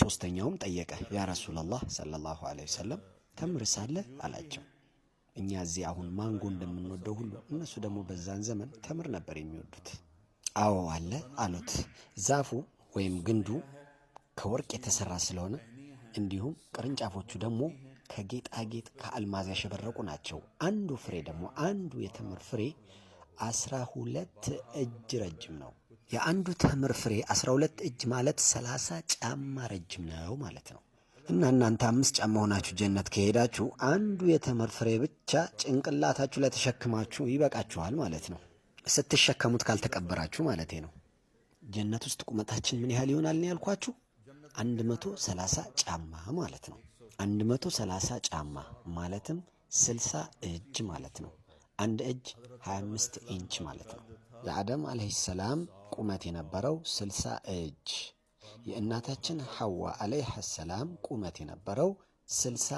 ሶስተኛውም ጠየቀ፣ ያ ረሱላላህ ሰለላሁ ዐለይሂ ወሰለም ተምር ሳለ አላቸው። እኛ እዚህ አሁን ማንጎ እንደምንወደው ሁሉ እነሱ ደግሞ በዛን ዘመን ተምር ነበር የሚወዱት። አዎ አለ አሉት። ዛፉ ወይም ግንዱ ከወርቅ የተሰራ ስለሆነ እንዲሁም ቅርንጫፎቹ ደግሞ ከጌጣጌጥ ከአልማዝ ያሸበረቁ ናቸው። አንዱ ፍሬ ደግሞ አንዱ የተምር ፍሬ አስራ ሁለት እጅ ረጅም ነው። የአንዱ ተምር ፍሬ 12 እጅ ማለት 30 ጫማ ረጅም ነው ማለት ነው። እና እናንተ አምስት ጫማ ሆናችሁ ጀነት ከሄዳችሁ አንዱ የተምር ፍሬ ብቻ ጭንቅላታችሁ ላይ ተሸክማችሁ ይበቃችኋል ማለት ነው። ስትሸከሙት ካልተቀበራችሁ ማለት ነው። ጀነት ውስጥ ቁመታችን ምን ያህል ይሆናል ነው ያልኳችሁ? 130 ጫማ ማለት ነው። 130 ጫማ ማለትም 60 እጅ ማለት ነው። አንድ እጅ 25 ኢንች ማለት ነው። ለአደም አለይሂ ሰላም ቁመት የነበረው ስልሳ እጅ የእናታችን ሐዋ አለይሃ ሰላም ቁመት የነበረው ስልሳ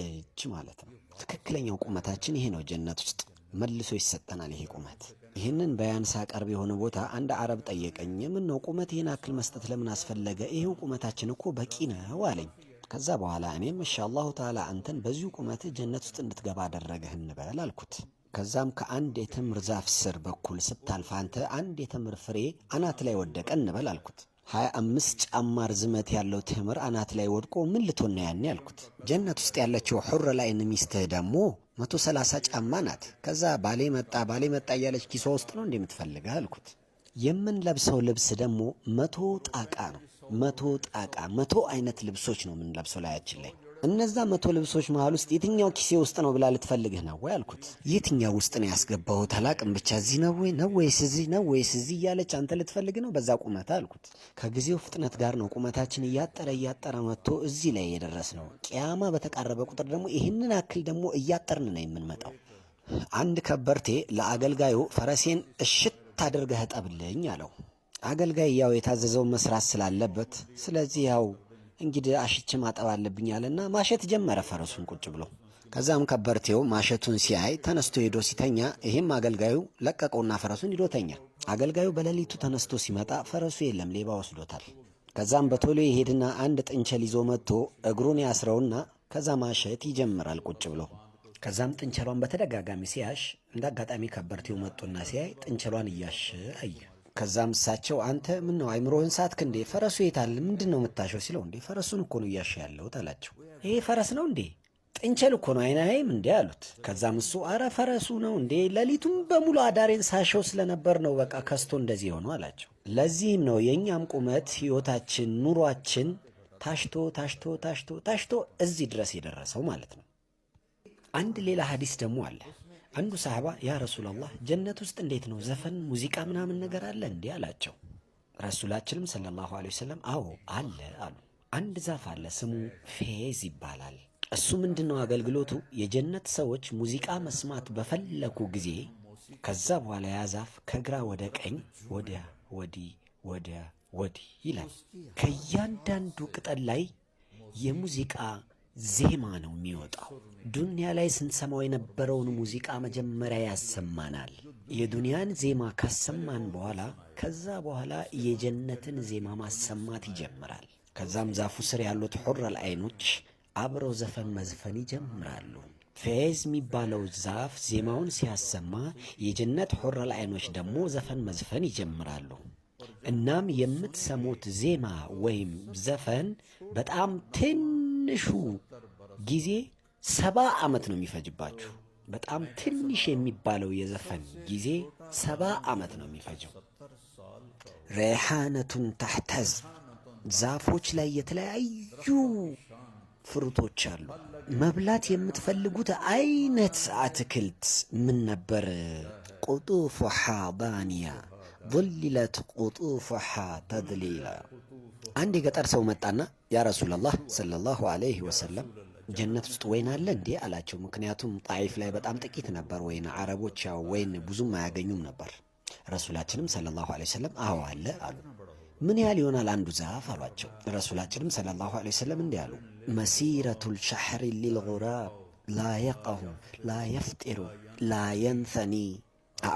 እጅ ማለት ነው። ትክክለኛው ቁመታችን ይሄ ነው። ጀነት ውስጥ መልሶ ይሰጠናል ይሄ ቁመት። ይህንን በያንሳ ቀርብ የሆነ ቦታ አንድ አረብ ጠየቀኝ። የምን ነው ቁመት ይህን አክል መስጠት ለምን አስፈለገ? ይሄው ቁመታችን እኮ በቂ ነው አለኝ። ከዛ በኋላ እኔም እሻ አላሁ ተዓላ አንተን በዚሁ ቁመት ጀነት ውስጥ እንድትገባ አደረገህ እንበል አልኩት። ከዛም ከአንድ የተምር ዛፍ ስር በኩል ስታልፍ አንተ አንድ የተምር ፍሬ አናት ላይ ወደቀ እንበል አልኩት። ሀያ አምስት ጫማ ርዝመት ያለው ተምር አናት ላይ ወድቆ ምን ልትሆን ያኔ አልኩት። ጀነት ውስጥ ያለችው ሑረ ላይን ሚስትህ ደግሞ መቶ ሰላሳ ጫማ ናት። ከዛ ባሌ መጣ ባሌ መጣ እያለች ኪሷ ውስጥ ነው እንደ አልኩት። የምንለብሰው ልብስ ደግሞ መቶ ጣቃ ነው። መቶ ጣቃ መቶ አይነት ልብሶች ነው የምንለብሰው ላያችን ላይ እነዛ መቶ ልብሶች መሀል ውስጥ የትኛው ኪሴ ውስጥ ነው ብላ ልትፈልግህ ነው ወይ አልኩት። የትኛው ውስጥ ነው ያስገባሁት አላቅም፣ ብቻ እዚህ ነው ወይ ነው ወይስ እዚህ ነው ወይስ እዚህ እያለች አንተ ልትፈልግ ነው በዛ ቁመታ አልኩት። ከጊዜው ፍጥነት ጋር ነው ቁመታችን እያጠረ እያጠረ መጥቶ እዚህ ላይ የደረስ ነው። ቅያማ በተቃረበ ቁጥር ደግሞ ይህንን አክል ደግሞ እያጠርን ነው የምንመጣው። አንድ ከበርቴ ለአገልጋዩ ፈረሴን እሽት ታደርገህ ጠብልኝ አለው። አገልጋይ ያው የታዘዘውን መስራት ስላለበት ስለዚህ ያው እንግዲህ አሽቼ ማጠብ ና ማሸት ጀመረ ፈረሱን ቁጭ ብሎ። ከዛም ከበርቴው ማሸቱን ሲያይ ተነስቶ ሄዶ ሲተኛ፣ ይህም አገልጋዩ ለቀቀውና ፈረሱን ሂዶ ተኛ። አገልጋዩ በሌሊቱ ተነስቶ ሲመጣ ፈረሱ የለም፣ ሌባ ወስዶታል። ከዛም በቶሎ ይሄድና አንድ ጥንቸል ይዞ መጥቶ እግሩን ያስረውና ከዛ ማሸት ይጀምራል ቁጭ ብሎ። ከዛም ጥንቸሏን በተደጋጋሚ ሲያሽ እንደ አጋጣሚ ከበርቴው መጡና ሲያይ ጥንቸሏን እያሸ አየ። ከዛም እሳቸው አንተ ምን ነው አይምሮህን ሳትክ እንዴ? ፈረሱ የታል? ምንድን ነው የምታሸው? ሲለው እንዴ ፈረሱን እኮ ነው እያሸ ያለሁት አላቸው። ይሄ ፈረስ ነው እንዴ? ጥንቸል እኮ ነው አይናይም እንዴ አሉት። ከዛም እሱ አረ ፈረሱ ነው እንዴ? ሌሊቱም በሙሉ አዳሬን ሳሸው ስለነበር ነው በቃ ከስቶ እንደዚህ የሆኑ አላቸው። ለዚህም ነው የእኛም ቁመት ህይወታችን፣ ኑሯችን ታሽቶ ታሽቶ ታሽቶ ታሽቶ እዚህ ድረስ የደረሰው ማለት ነው። አንድ ሌላ ሀዲስ ደግሞ አለ አንዱ ሰሃባ ያ ረሱላላህ ጀነት ውስጥ እንዴት ነው ዘፈን፣ ሙዚቃ ምናምን ነገር አለ እንዲህ አላቸው። ረሱላችንም ሰለላሁ ዐለይሂ ወሰለም አዎ አለ አሉ። አንድ ዛፍ አለ ስሙ ፌዝ ይባላል። እሱ ምንድን ነው አገልግሎቱ? የጀነት ሰዎች ሙዚቃ መስማት በፈለኩ ጊዜ ከዛ በኋላ ያ ዛፍ ከግራ ወደ ቀኝ ወዲያ ወዲህ ወዲያ ወዲህ ይላል። ከእያንዳንዱ ቅጠል ላይ የሙዚቃ ዜማ ነው የሚወጣው። ዱንያ ላይ ስንሰማው የነበረውን ሙዚቃ መጀመሪያ ያሰማናል። የዱንያን ዜማ ካሰማን በኋላ ከዛ በኋላ የጀነትን ዜማ ማሰማት ይጀምራል። ከዛም ዛፉ ስር ያሉት ሑረል አይኖች አብረው ዘፈን መዝፈን ይጀምራሉ። ፌዝ የሚባለው ዛፍ ዜማውን ሲያሰማ የጀነት ሑረል አይኖች ደግሞ ዘፈን መዝፈን ይጀምራሉ። እናም የምትሰሙት ዜማ ወይም ዘፈን በጣም ትን ትንሹ ጊዜ ሰባ ዓመት ነው የሚፈጅባችሁ። በጣም ትንሽ የሚባለው የዘፈን ጊዜ ሰባ ዓመት ነው የሚፈጀው። ሬሓነቱን ታሕተዝ ዛፎች ላይ የተለያዩ ፍሩቶች አሉ። መብላት የምትፈልጉት አይነት አትክልት ምን ነበር? ቁጡፉሓ ባንያ ظللت قطوفها تذليلا አንድ የገጠር ሰው መጣና ያ ረሱላላህ ሰለላሁ አለይህ ወሰለም ጀነት ውስጥ ወይን አለ እንዴ አላቸው። ምክንያቱም ጣይፍ ላይ በጣም ጥቂት ነበር ወይን፣ አረቦች ያው ወይን ብዙም አያገኙም ነበር። ረሱላችንም ሰለላሁ አለይሂ ወሰለም አዎ አለ አሉ። ምን ያህል ይሆናል አንዱ ዛፍ አሏቸው። ረሱላችንም ሰለላሁ አለይሂ ወሰለም እንዲህ አሉ፣ መሲረቱል ሻህሪ ሊልጉራብ ላ የቀሁ ላ የፍጢሩ ላ የንተኒ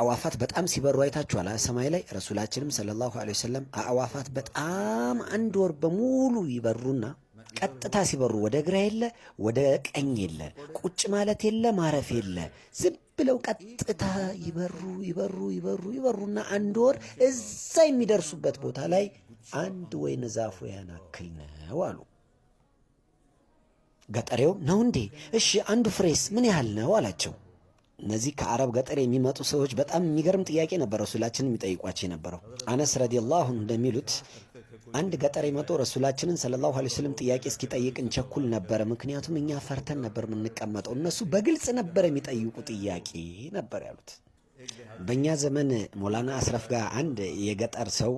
አእዋፋት በጣም ሲበሩ አይታችኋል። ሰማይ ላይ ረሱላችንም ሰለላሁ ዐለይሂ ወሰለም አዕዋፋት በጣም አንድ ወር በሙሉ ይበሩና ቀጥታ ሲበሩ ወደ ግራ የለ ወደ ቀኝ የለ፣ ቁጭ ማለት የለ፣ ማረፍ የለ፣ ዝም ብለው ቀጥታ ይበሩ ይበሩ ይበሩ ይበሩና አንድ ወር እዛ የሚደርሱበት ቦታ ላይ አንድ ወይን ዛፉ ያናክል ነው አሉ። ገጠሬው ነው እንዴ? እሺ አንዱ ፍሬስ ምን ያህል ነው አላቸው። እነዚህ ከአረብ ገጠር የሚመጡ ሰዎች በጣም የሚገርም ጥያቄ ነበር ረሱላችንን የሚጠይቋቸው የነበረው። አነስ ረዲየላሁ እንደሚሉት አንድ ገጠር የመጡ ረሱላችንን ሰለላሁ ዐለይሂ ወሰለም ጥያቄ እስኪጠይቅ እንቸኩል ነበረ። ምክንያቱም እኛ ፈርተን ነበር የምንቀመጠው፣ እነሱ በግልጽ ነበር የሚጠይቁ ጥያቄ ነበር ያሉት። በእኛ ዘመን ሞላና አስረፍ ጋር አንድ የገጠር ሰው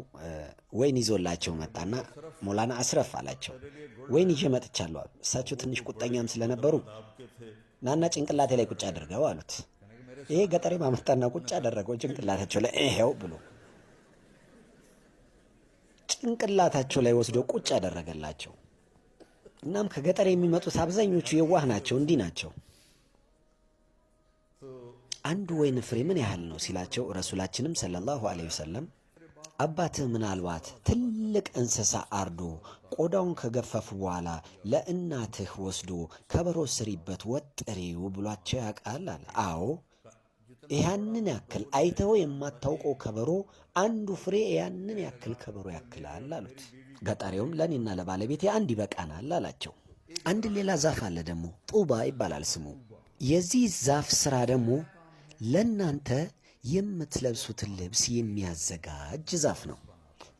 ወይን ይዞላቸው መጣና ሞላና አስረፍ አላቸው፣ ወይን ይዤ መጥቻለሁ እሳቸው ትንሽ ቁጠኛም ስለነበሩ ናና ጭንቅላቴ ላይ ቁጭ አድርገው አሉት። ይሄ ገጠሬ ማመጣና ቁጭ አደረገው ጭንቅላታቸው ላይ ይሄው ብሎ ጭንቅላታቸው ላይ ወስዶ ቁጭ አደረገላቸው። እናም ከገጠር የሚመጡት አብዛኞቹ የዋህ ናቸው፣ እንዲህ ናቸው። አንዱ ወይን ፍሬ ምን ያህል ነው ሲላቸው ረሱላችንም ሰለላሁ ዐለይሂ ወሰለም አባት ምናልባት ትልቅ እንስሳ አርዶ ቆዳውን ከገፈፉ በኋላ ለእናትህ ወስዶ ከበሮ ስሪበት ወጥሪው ብሏቸው ያውቃል አለ። አዎ ያንን ያክል አይተው የማታውቀው ከበሮ አንዱ ፍሬ ያንን ያክል ከበሮ ያክላል አሉት። ገጠሬውም ለእኔና ለባለቤቴ አንድ ይበቃናል አላቸው። አንድ ሌላ ዛፍ አለ ደግሞ ጡባ ይባላል ስሙ። የዚህ ዛፍ ስራ ደግሞ ለእናንተ የምትለብሱትን ልብስ የሚያዘጋጅ ዛፍ ነው።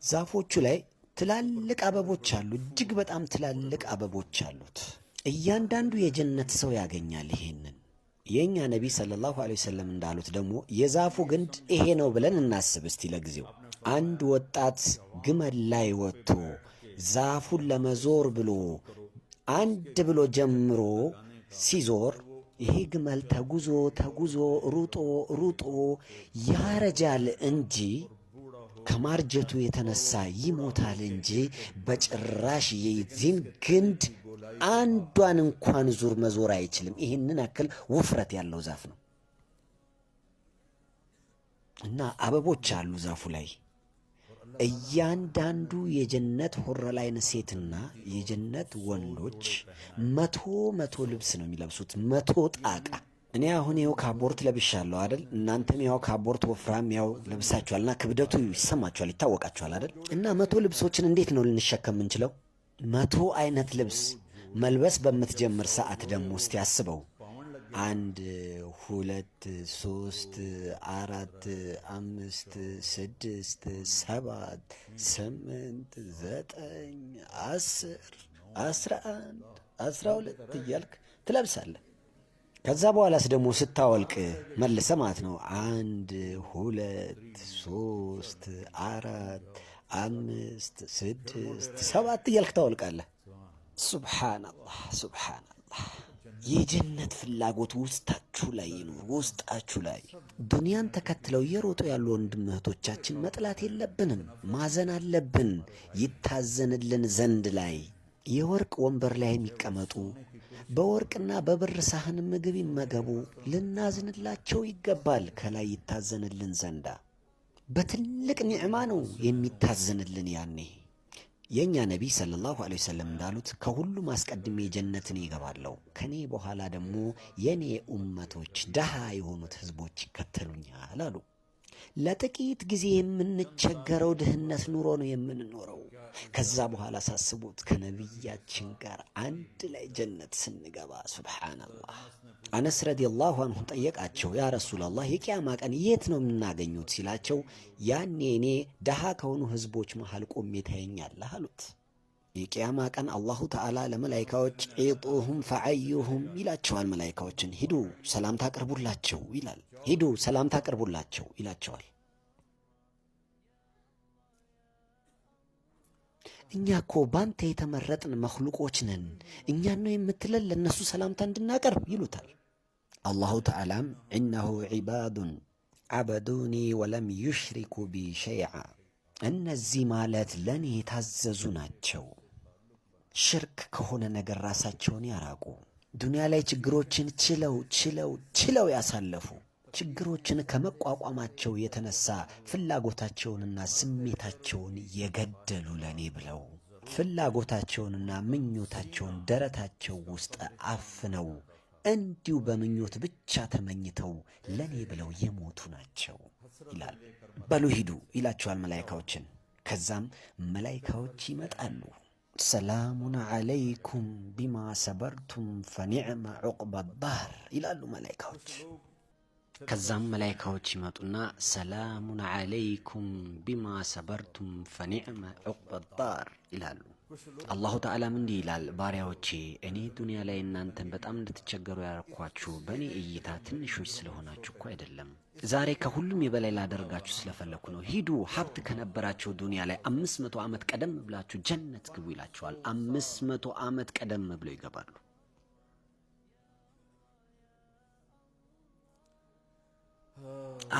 ዛፎቹ ላይ ትላልቅ አበቦች አሉ። እጅግ በጣም ትላልቅ አበቦች አሉት። እያንዳንዱ የጀነት ሰው ያገኛል። ይሄንን የእኛ ነቢይ ሰለላሁ ዐለይሂ ወሰለም እንዳሉት ደግሞ የዛፉ ግንድ ይሄ ነው ብለን እናስብ እስቲ ለጊዜው። አንድ ወጣት ግመል ላይ ወጥቶ ዛፉን ለመዞር ብሎ አንድ ብሎ ጀምሮ ሲዞር ይሄ ግመል ተጉዞ ተጉዞ ሩጦ ሩጦ ያረጃል እንጂ ከማርጀቱ የተነሳ ይሞታል እንጂ በጭራሽ የዚህን ግንድ አንዷን እንኳን ዙር መዞር አይችልም። ይህንን ያክል ውፍረት ያለው ዛፍ ነው እና አበቦች አሉ ዛፉ ላይ እያንዳንዱ የጀነት ሆረላይን ሴትና የጀነት ወንዶች መቶ መቶ ልብስ ነው የሚለብሱት፣ መቶ ጣቃ። እኔ አሁን ይኸው ካቦርት ለብሻለሁ አይደል? እናንተም ያው ካቦርት ወፍራም ያው እና ክብደቱ ይሰማችኋል፣ ይታወቃችኋል አይደል? እና መቶ ልብሶችን እንዴት ነው ልንሸከም የምንችለው? መቶ አይነት ልብስ መልበስ በምትጀምር ሰዓት ደግሞ ውስጥ ያስበው አንድ ሁለት ሶስት አራት አምስት ስድስት ሰባት ስምንት ዘጠኝ አስር አስራ አንድ አስራ ሁለት እያልክ ትለብሳለህ። ከዛ በኋላስ ደግሞ ስታወልቅ መልሰ ማለት ነው። አንድ ሁለት ሶስት አራት አምስት ስድስት ሰባት እያልክ ታወልቃለህ። ሱብሓነላህ ሱብሓነላህ የጀነት ፍላጎት ውስጣችሁ ላይ ይኑር፣ ውስጣችሁ ላይ። ዱንያን ተከትለው እየሮጡ ያሉ ወንድም እህቶቻችን መጥላት የለብንም፣ ማዘን አለብን። ይታዘንልን ዘንድ ላይ የወርቅ ወንበር ላይ የሚቀመጡ በወርቅና በብር ሳህን ምግብ ይመገቡ፣ ልናዝንላቸው ይገባል። ከላይ ይታዘንልን ዘንዳ በትልቅ ኒዕማ ነው የሚታዘንልን ያኔ የእኛ ነቢይ ሰለላሁ ዐለይሂ ወሰለም እንዳሉት ከሁሉም አስቀድሜ ጀነትን ይገባለሁ፣ ከኔ በኋላ ደግሞ የኔ ኡመቶች ደሃ የሆኑት ህዝቦች ይከተሉኛል አሉ። ለጥቂት ጊዜ የምንቸገረው ድህነት ኑሮ ነው የምንኖረው። ከዛ በኋላ ሳስቡት ከነቢያችን ጋር አንድ ላይ ጀነት ስንገባ ሱብሓነላህ። አነስ ረዲየላሁ አንሁ ጠየቃቸው፣ ያ ረሱላላህ የቅያማ ቀን የት ነው የምናገኙት ሲላቸው፣ ያኔ እኔ ደሃ ከሆኑ ህዝቦች መሃል ቆሜ ታየኛለህ አሉት። የቅያማ ቀን አላሁ ተዓላ ለመላይካዎች ዒጡሁም ፈዐዩሁም ይላቸዋል። መላይካዎችን ሂዱ ሰላምታ አቅርቡላቸው ይላል። ሂዱ ሰላምታ አቅርቡላቸው ይላቸዋል። እኛ እኮ ባንተ የተመረጥን መክሉቆች ነን፣ እኛን ነው የምትለን፣ ለእነሱ ሰላምታ እንድናቀርብ ይሉታል። አላሁ ተዓላም እነሁ ዒባዱን አበዱኒ ወለም ዩሽሪኩ ቢ ሸይዓ፣ እነዚህ ማለት ለእኔ የታዘዙ ናቸው። ሽርክ ከሆነ ነገር ራሳቸውን ያራቁ፣ ዱንያ ላይ ችግሮችን ችለው ችለው ችለው ያሳለፉ ችግሮችን ከመቋቋማቸው የተነሳ ፍላጎታቸውንና ስሜታቸውን የገደሉ ለኔ ብለው ፍላጎታቸውንና ምኞታቸውን ደረታቸው ውስጥ አፍነው እንዲሁ በምኞት ብቻ ተመኝተው ለኔ ብለው የሞቱ ናቸው ይላል። በሉ ሂዱ ይላቸዋል መላይካዎችን። ከዛም መላይካዎች ይመጣሉ። ሰላሙን አለይኩም ቢማ ሰበርቱም ፈኒዕመ ዑቅበ ዳር ይላሉ መላይካዎች። ከዛም መላይካዎች ይመጡና ሰላሙን አለይኩም ቢማ ሰበርቱም ፈኒዕመ ዳር ይላሉ። አላሁ ተዓላም እንዲህ ይላል፣ ባሪያዎቼ እኔ ዱንያ ላይ እናንተን በጣም እንድትቸገሩ ያረኳችሁ በእኔ እይታ ትንሾች ስለሆናችሁ እኮ አይደለም። ዛሬ ከሁሉም የበላይ ላደርጋችሁ ስለፈለኩ ነው። ሂዱ ሀብት ከነበራቸው ዱንያ ላይ አምስት መቶ ዓመት ቀደም ብላችሁ ጀነት ግቡ ይላቸዋል። አምስት መቶ ዓመት ቀደም ብለው ይገባሉ።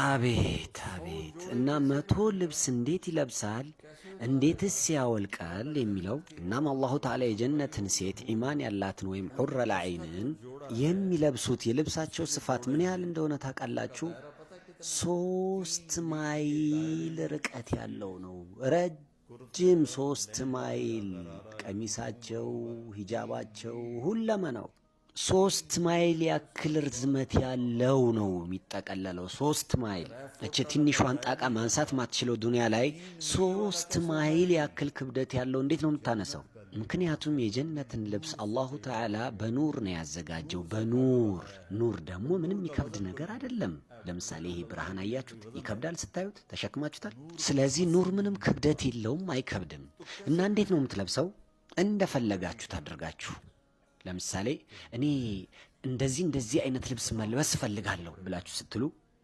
አቤት አቤት! እና መቶ ልብስ እንዴት ይለብሳል? እንዴትስ ያወልቃል? የሚለው እናም አላሁ ተዓላ የጀነትን ሴት ኢማን ያላትን ወይም ሑረል ዐይንን የሚለብሱት የልብሳቸው ስፋት ምን ያህል እንደሆነ ታውቃላችሁ? ሶስት ማይል ርቀት ያለው ነው። ረጅም ሶስት ማይል ቀሚሳቸው፣ ሂጃባቸው ሁለመናው ሶስት ማይል ያክል ርዝመት ያለው ነው የሚጠቀለለው። ሶስት ማይል እች ትንሿን ጣቃ ማንሳት ማትችለው ዱንያ ላይ ሶስት ማይል ያክል ክብደት ያለው እንዴት ነው የምታነሳው? ምክንያቱም የጀነትን ልብስ አላሁ ተዓላ በኑር ነው ያዘጋጀው። በኑር ኑር ደግሞ ምንም የሚከብድ ነገር አይደለም። ለምሳሌ ይሄ ብርሃን አያችሁት? ይከብዳል? ስታዩት ተሸክማችሁታል? ስለዚህ ኑር ምንም ክብደት የለውም፣ አይከብድም። እና እንዴት ነው የምትለብሰው? እንደፈለጋችሁ ታደርጋችሁ ለምሳሌ እኔ እንደዚህ እንደዚህ አይነት ልብስ መልበስ እፈልጋለሁ ብላችሁ ስትሉ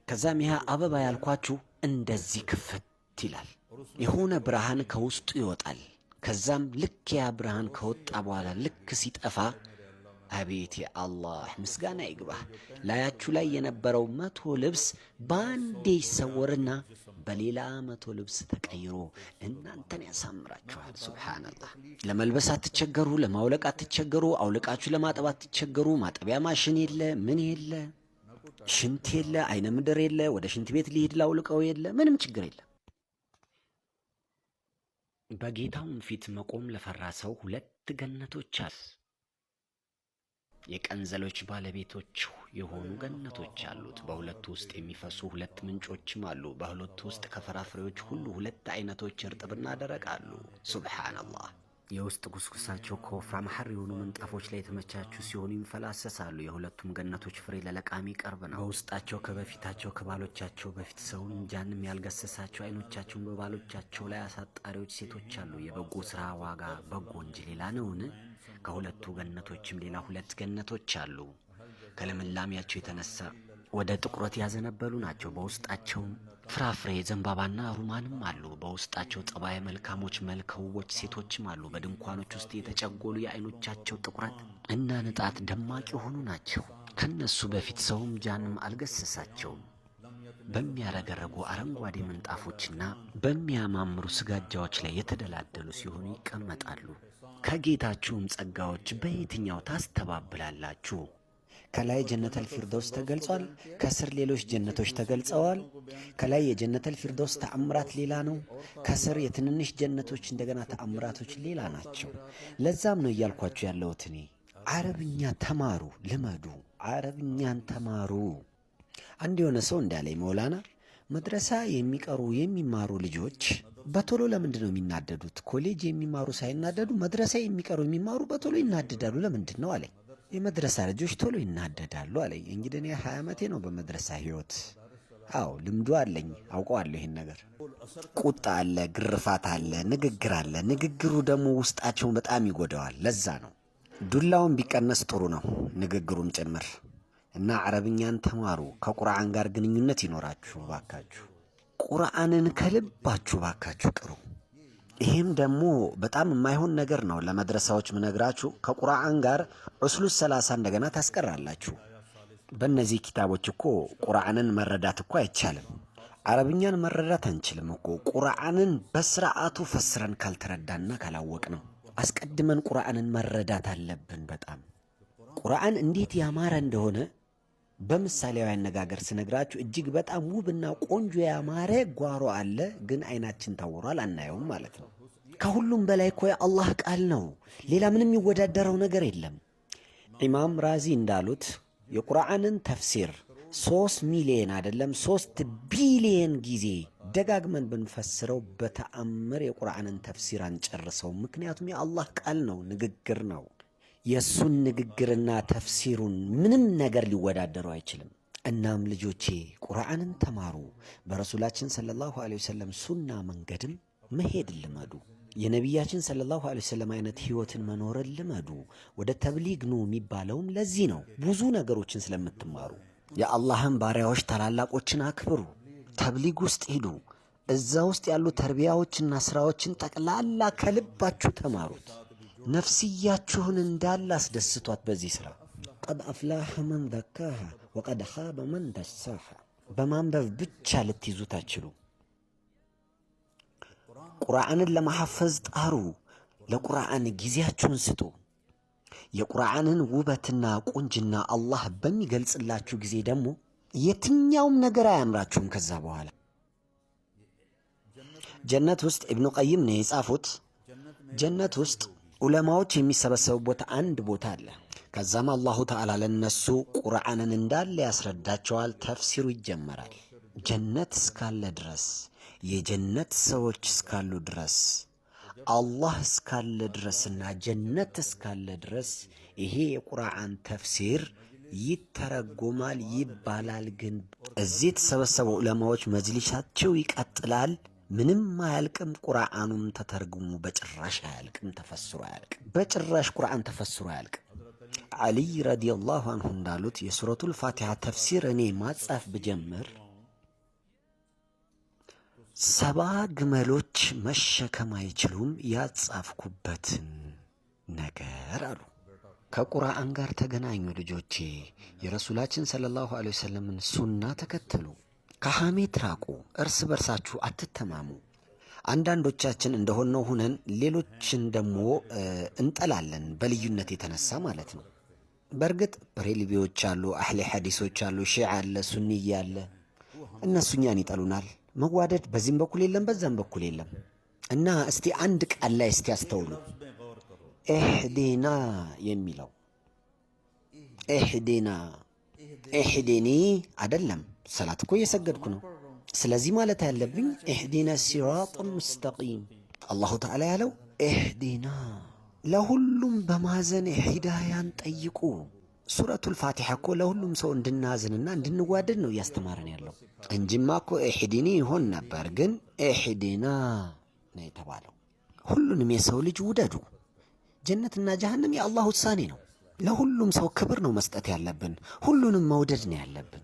ከዛም ይህ አበባ ያልኳችሁ እንደዚህ ክፍት ይላል። የሆነ ብርሃን ከውስጡ ይወጣል። ከዛም ልክ ያ ብርሃን ከወጣ በኋላ ልክ ሲጠፋ አቤት የአላህ ምስጋና ይግባህ። ላያችሁ ላይ የነበረው መቶ ልብስ በአንዴ ይሰወርና በሌላ መቶ ልብስ ተቀይሮ እናንተን ያሳምራችኋል። ሱብሓነላህ። ለመልበስ አትቸገሩ፣ ለማውለቅ አትቸገሩ፣ አውልቃችሁ ለማጠብ አትቸገሩ። ማጠቢያ ማሽን የለ፣ ምን የለ፣ ሽንት የለ፣ አይነ ምድር የለ፣ ወደ ሽንት ቤት ሊሄድ ላውልቀው የለ፣ ምንም ችግር የለም። በጌታውም ፊት መቆም ለፈራ ሰው ሁለት ገነቶች አሉ። የቀንዘሎች ባለቤቶች የሆኑ ገነቶች አሉት። በሁለቱ ውስጥ የሚፈሱ ሁለት ምንጮችም አሉ። በሁለቱ ውስጥ ከፍራፍሬዎች ሁሉ ሁለት አይነቶች እርጥብና ደረቅ አሉ። ሱብሓነላህ። የውስጥ ጉስጉሳቸው ከወፍራም ሐር የሆኑ ምንጣፎች ላይ የተመቻቹ ሲሆኑ ይንፈላሰሳሉ። የሁለቱም ገነቶች ፍሬ ለለቃሚ ቅርብ ነው። በውስጣቸው ከበፊታቸው ከባሎቻቸው በፊት ሰውን እንጃንም ያልገሰሳቸው አይኖቻቸውን በባሎቻቸው ላይ አሳጣሪዎች ሴቶች አሉ። የበጎ ስራ ዋጋ በጎ እንጂ ሌላ ነውን? ከሁለቱ ገነቶችም ሌላ ሁለት ገነቶች አሉ። ከልምላሜያቸው የተነሳ ወደ ጥቁረት ያዘነበሉ ናቸው። በውስጣቸውም ፍራፍሬ ዘንባባና ሩማንም አሉ። በውስጣቸው ጠባየ መልካሞች መልከውቦች ሴቶችም አሉ። በድንኳኖች ውስጥ የተጨጎሉ የአይኖቻቸው ጥቁረት እና ንጣት ደማቅ የሆኑ ናቸው። ከነሱ በፊት ሰውም ጃንም አልገሰሳቸውም። በሚያረገረጉ አረንጓዴ ምንጣፎችና በሚያማምሩ ስጋጃዎች ላይ የተደላደሉ ሲሆኑ ይቀመጣሉ። ከጌታችሁም ጸጋዎች በየትኛው ታስተባብላላችሁ? ከላይ ጀነተል ፊርዶስ ተገልጿል። ከስር ሌሎች ጀነቶች ተገልጸዋል። ከላይ የጀነተል ፊርዶስ ተአምራት ሌላ ነው። ከስር የትንንሽ ጀነቶች እንደገና ተአምራቶች ሌላ ናቸው። ለዛም ነው እያልኳችሁ ያለሁት እኔ አረብኛ ተማሩ፣ ልመዱ፣ አረብኛን ተማሩ። አንድ የሆነ ሰው እንዳለኝ መውላና መድረሳ የሚቀሩ የሚማሩ ልጆች በቶሎ ለምንድን ነው የሚናደዱት? ኮሌጅ የሚማሩ ሳይናደዱ መድረሳ የሚቀሩ የሚማሩ በቶሎ ይናደዳሉ። ለምንድን ነው አለኝ። የመድረሳ ልጆች ቶሎ ይናደዳሉ አለኝ። እንግዲህ እኔ ሀያ ዓመቴ ነው በመድረሳ ህይወት። አዎ ልምዱ አለኝ፣ አውቀዋለሁ ይህን ነገር። ቁጣ አለ፣ ግርፋት አለ፣ ንግግር አለ። ንግግሩ ደግሞ ውስጣቸውን በጣም ይጎዳዋል። ለዛ ነው ዱላውን ቢቀነስ ጥሩ ነው፣ ንግግሩም ጭምር እና አረብኛን ተማሩ። ከቁርአን ጋር ግንኙነት ይኖራችሁ ባካችሁ። ቁርአንን ከልባችሁ ባካችሁ ቅሩ። ይህም ደግሞ በጣም የማይሆን ነገር ነው። ለመድረሳዎች ምነግራችሁ ከቁርአን ጋር ዑስሉ ሰላሳ እንደገና ታስቀራላችሁ። በእነዚህ ኪታቦች እኮ ቁርአንን መረዳት እኮ አይቻልም። አረብኛን መረዳት አንችልም እኮ ቁርአንን በስርዓቱ ፈስረን ካልተረዳና ካላወቅ ነው። አስቀድመን ቁርአንን መረዳት አለብን። በጣም ቁርአን እንዴት ያማረ እንደሆነ በምሳሌያዊ አነጋገር ስነግራችሁ እጅግ በጣም ውብና ቆንጆ ያማረ ጓሮ አለ፣ ግን አይናችን ታውሯል፣ አናየውም ማለት ነው። ከሁሉም በላይ እኮ የአላህ ቃል ነው። ሌላ ምንም የሚወዳደረው ነገር የለም። ኢማም ራዚ እንዳሉት የቁርአንን ተፍሲር ሶስት ሚሊየን አይደለም ሶስት ቢሊየን ጊዜ ደጋግመን ብንፈስረው በተአምር የቁርአንን ተፍሲር አንጨርሰው። ምክንያቱም የአላህ ቃል ነው፣ ንግግር ነው። የእሱን ንግግርና ተፍሲሩን ምንም ነገር ሊወዳደሩ አይችልም። እናም ልጆቼ ቁርአንን ተማሩ፣ በረሱላችን ሰለላሁ ዐለይሂ ወሰለም ሱና መንገድም መሄድ ልመዱ። የነቢያችን ሰለላሁ ዐለይሂ ወሰለም አይነት ህይወትን መኖርን ልመዱ። ወደ ተብሊግ ኑ የሚባለውም ለዚህ ነው፣ ብዙ ነገሮችን ስለምትማሩ። የአላህን ባሪያዎች ታላላቆችን አክብሩ። ተብሊግ ውስጥ ሂዱ። እዛ ውስጥ ያሉ ተርቢያዎችና ስራዎችን ጠቅላላ ከልባችሁ ተማሩት። ነፍስያችሁን እንዳለ አስደስቷት በዚህ ስራ። ቀድ አፍላሐ መን ዘካሃ ወቀድ ኻበ መን ደሳሃ። በማንበብ ብቻ ልትይዙት አችሉ። ቁርአንን ለማሐፈዝ ጣሩ። ለቁርአን ጊዜያችሁን ስጡ። የቁርአንን ውበትና ቁንጅና አላህ በሚገልጽላችሁ ጊዜ ደግሞ የትኛውም ነገር አያምራችሁም። ከዛ በኋላ ጀነት ውስጥ ኢብኑ ቀይም ነው የጻፉት ጀነት ውስጥ ዑለማዎች የሚሰበሰቡበት አንድ ቦታ አለ። ከዛም አላሁ ተዓላ ለነሱ ቁርአንን እንዳለ ያስረዳቸዋል። ተፍሲሩ ይጀመራል። ጀነት እስካለ ድረስ፣ የጀነት ሰዎች እስካሉ ድረስ፣ አላህ እስካለ ድረስና ጀነት እስካለ ድረስ ይሄ የቁርአን ተፍሲር ይተረጎማል፣ ይባላል። ግን እዚህ የተሰበሰቡ ዑለማዎች መዝሊሻቸው ይቀጥላል። ምንም አያልቅም። ቁርአኑም ተተርጉሙ በጭራሽ አያልቅም፣ ተፈስሮ አያልቅም። በጭራሽ ቁርአን ተፈስሮ አያልቅም። አልይ ረዲየላሁ አንሁ እንዳሉት የሱረቱል ፋቲሃ ተፍሲር እኔ ማጻፍ ብጀምር ሰባ ግመሎች መሸከም አይችሉም ያጻፍኩበትን ነገር አሉ። ከቁርአን ጋር ተገናኙ ልጆቼ፣ የረሱላችን ሰለላሁ ዐለይሂ ወሰለምን ሱና ተከተሉ። ከሐሜት ራቁ፣ እርስ በርሳችሁ አትተማሙ። አንዳንዶቻችን እንደሆነው ሁነን ሌሎችን ደግሞ እንጠላለን፣ በልዩነት የተነሳ ማለት ነው። በእርግጥ ሬሊቪዎች አሉ፣ አህሌ ሐዲሶች አሉ፣ ሺዓ አለ፣ ሱኒያ አለ። እነሱ እኛን ይጠሉናል። መዋደድ በዚህም በኩል የለም፣ በዛም በኩል የለም። እና እስቲ አንድ ቃል ላይ እስቲ ያስተውሉ። እህዲና የሚለው እህዲና ኢሕዲኒ አይደለም። ሰላት እኮ እየሰገድኩ ነው። ስለዚህ ማለት ያለብኝ ኢሕዲነ ሲራጥ ሙስተቂም። አላሁ ተዓላ ያለው ኢሕዲና ለሁሉም በማዘን ሂዳያን ጠይቁ። ሱረቱል ፋቲሐ እኮ ለሁሉም ሰው እንድናዝንና እንድንዋደድ ነው እያስተማረን ያለው እንጂማ እኮ ኢሕዲኒ ይሆን ነበር፣ ግን ኢሕዲና ነው የተባለው። ሁሉንም የሰው ልጅ ውደዱ። ጀነትና ጀሃንም የአላህ ውሳኔ ነው። ለሁሉም ሰው ክብር ነው መስጠት ያለብን። ሁሉንም መውደድ ነው ያለብን።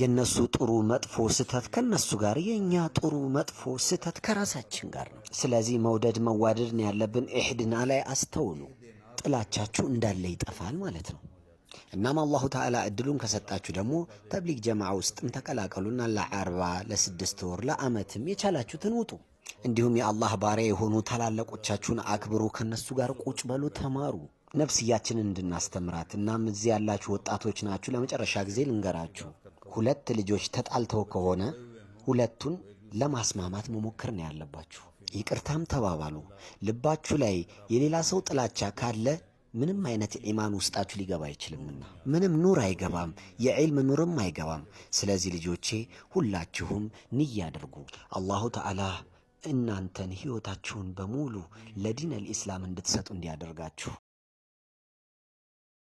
የነሱ ጥሩ መጥፎ ስህተት ከነሱ ጋር፣ የእኛ ጥሩ መጥፎ ስህተት ከራሳችን ጋር ነው። ስለዚህ መውደድ መዋደድ ነው ያለብን። ኢሕድና ላይ አስተውሉ። ጥላቻችሁ እንዳለ ይጠፋል ማለት ነው። እናም አላሁ ተዓላ እድሉን ከሰጣችሁ ደግሞ ተብሊግ ጀማዓ ውስጥም ተቀላቀሉና ለአርባ ለስድስት ወር ለአመትም የቻላችሁትን ውጡ። እንዲሁም የአላህ ባሪያ የሆኑ ታላላቆቻችሁን አክብሩ። ከነሱ ጋር ቁጭ በሉ፣ ተማሩ። ነፍስያችንን እንድናስተምራት። እናም እዚህ ያላችሁ ወጣቶች ናችሁ፣ ለመጨረሻ ጊዜ ልንገራችሁ። ሁለት ልጆች ተጣልተው ከሆነ ሁለቱን ለማስማማት መሞከር ነው ያለባችሁ። ይቅርታም ተባባሉ። ልባችሁ ላይ የሌላ ሰው ጥላቻ ካለ ምንም አይነት ኢማን ውስጣችሁ ሊገባ አይችልምና ምንም ኑር አይገባም፣ የዕልም ኑርም አይገባም። ስለዚህ ልጆቼ ሁላችሁም ንያ አድርጉ። አላሁ ተዓላ እናንተን ሕይወታችሁን በሙሉ ለዲን አልኢስላም እንድትሰጡ እንዲያደርጋችሁ